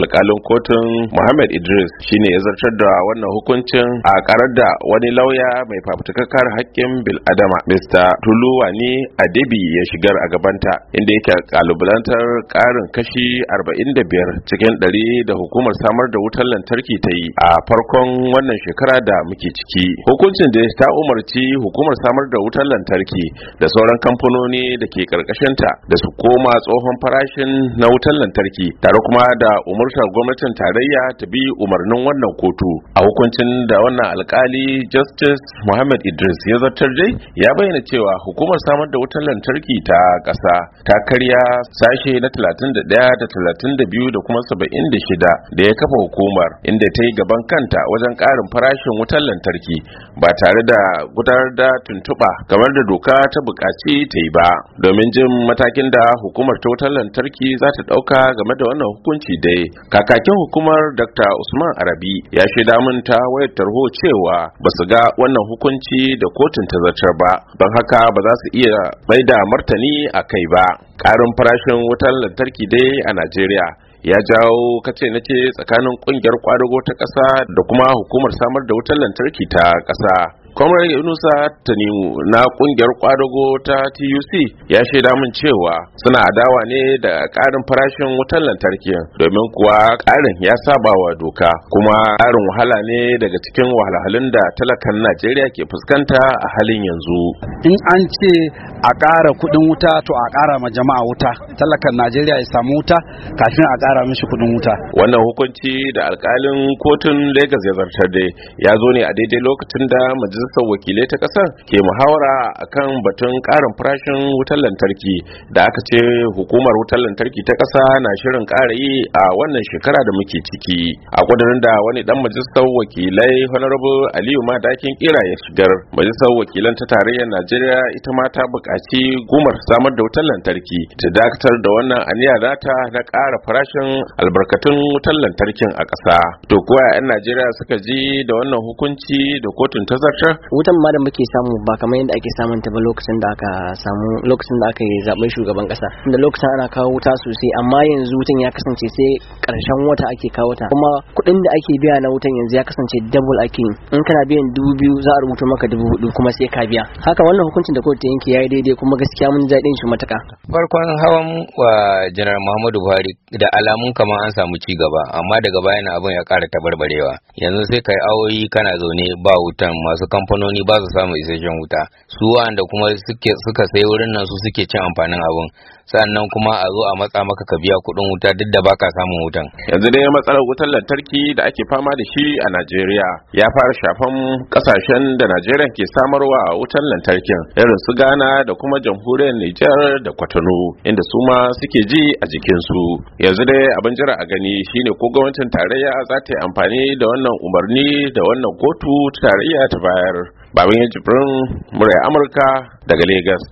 alkalin kotun Muhammad Idris shine ya zartar da wannan hukuncin a karar da wani lauya mai fafutukar hakkin bil adama. Mr. Tuluwani Adebi ya shigar a gabanta inda yake kalubalantar karin kashi 45 cikin 100 da hukumar samar da wutar lantarki ta yi a farkon wannan shekara da muke ciki. Hukuncin da ya ta umarci hukumar samar da wutar lantarki da sauran kamfanoni da ke karkashinta da su koma tsohon farashin na wutar lantarki tare kuma da umar umurtar gwamnatin tarayya ta bi umarnin wannan kotu a hukuncin da wannan alkali justice muhammad idris ya zartar dai. ya bayyana cewa hukumar samar da wutar lantarki ta ƙasa ta karya sashe na 31 da 32 da kuma 76 da ya kafa hukumar inda ta yi gaban kanta wajen ƙarin farashin wutar lantarki ba tare da gudanar da tuntuɓa kamar da doka ta buƙaci ta yi ba domin jin matakin da hukumar ta wutar lantarki za ta ɗauka game da wannan hukunci dai kakakin hukumar dr usman arabi ya shaida min ta wayar tarho cewa ba su ga wannan hukunci da kotun ta zartar ba don haka ba za su iya mai da martani a kai ba Karin farashin wutar lantarki dai a najeriya ya jawo kace na ce tsakanin kungiyar kwadago ta ƙasa da kuma hukumar samar da wutar lantarki ta ƙasa Kwamar Yunusa Tanimu na kungiyar kwadago ta TUC ya shaida min cewa suna adawa ne da ƙarin farashin wutar lantarki domin kuwa karin ya saba wa doka kuma ƙarin wahala ne daga cikin wahalhalun da talakan Najeriya ke fuskanta a halin yanzu. In an ce a ƙara kuɗin wuta to a ƙara ma jama'a wuta talakan Najeriya ya samu wuta kafin a ƙara mishi kuɗin wuta. Wannan hukunci da alkalin kotun Legas ya zartar da ya zo ne a daidai lokacin da majalisar majalisar wakilai ta kasar ke muhawara akan batun karin farashin wutar lantarki da aka ce hukumar wutar lantarki ta kasa na shirin kara yi a wannan shekara da muke ciki a kudurin da wani dan majalisar wakilai honorable aliyu ma dakin kira ya shigar majalisar wakilan ta tarayyar najeriya ita ma ta buƙaci gumar samar da wutar lantarki ta dakatar da wannan aniya nata na kara farashin albarkatun wutar lantarkin a ƙasa to kuwa 'yan najeriya suka ji da wannan hukunci da kotun ta zartar wutan ma da muke samu ba kamar yadda ake samun ta ba lokacin da aka samu lokacin da aka yi zaben shugaban kasa da lokacin ana kawo wuta sosai amma yanzu wutan ya kasance sai karshen wata ake kawo ta kuma kuɗin da ake biya na wutan yanzu ya kasance double ake in kana biyan dubu biyu za a rubuta maka dubu hudu kuma sai ka biya haka wannan hukuncin da kotu ta yanke yi daidai kuma gaskiya mun ji daɗin shi matuka farkon hawan wa janar muhammadu buhari da alamun kamar an samu ci gaba amma daga bayan abin ya ƙara tabarbarewa yanzu sai ka yi awoyi kana zaune ba wutan masu kan kamfanoni ba su samu isasshen wuta su wanda kuma suka sai wurin nan su suke cin amfanin abun sannan kuma a zo a matsa maka ka biya kuɗin wuta duk da baka samun wutan yanzu dai matsalar wutar lantarki da ake fama da shi a Najeriya ya fara shafan kasashen da Najeriya ke samarwa wutar lantarkin irin su Ghana da kuma jamhuriyar Nijar da Kwatano inda su ma suke ji a jikin su yanzu dai abin jira a gani shine ko gwamnatin tarayya za ta yi amfani da wannan umarni da wannan kotu tarayya ta bayar babin ya murai amurka daga Legas.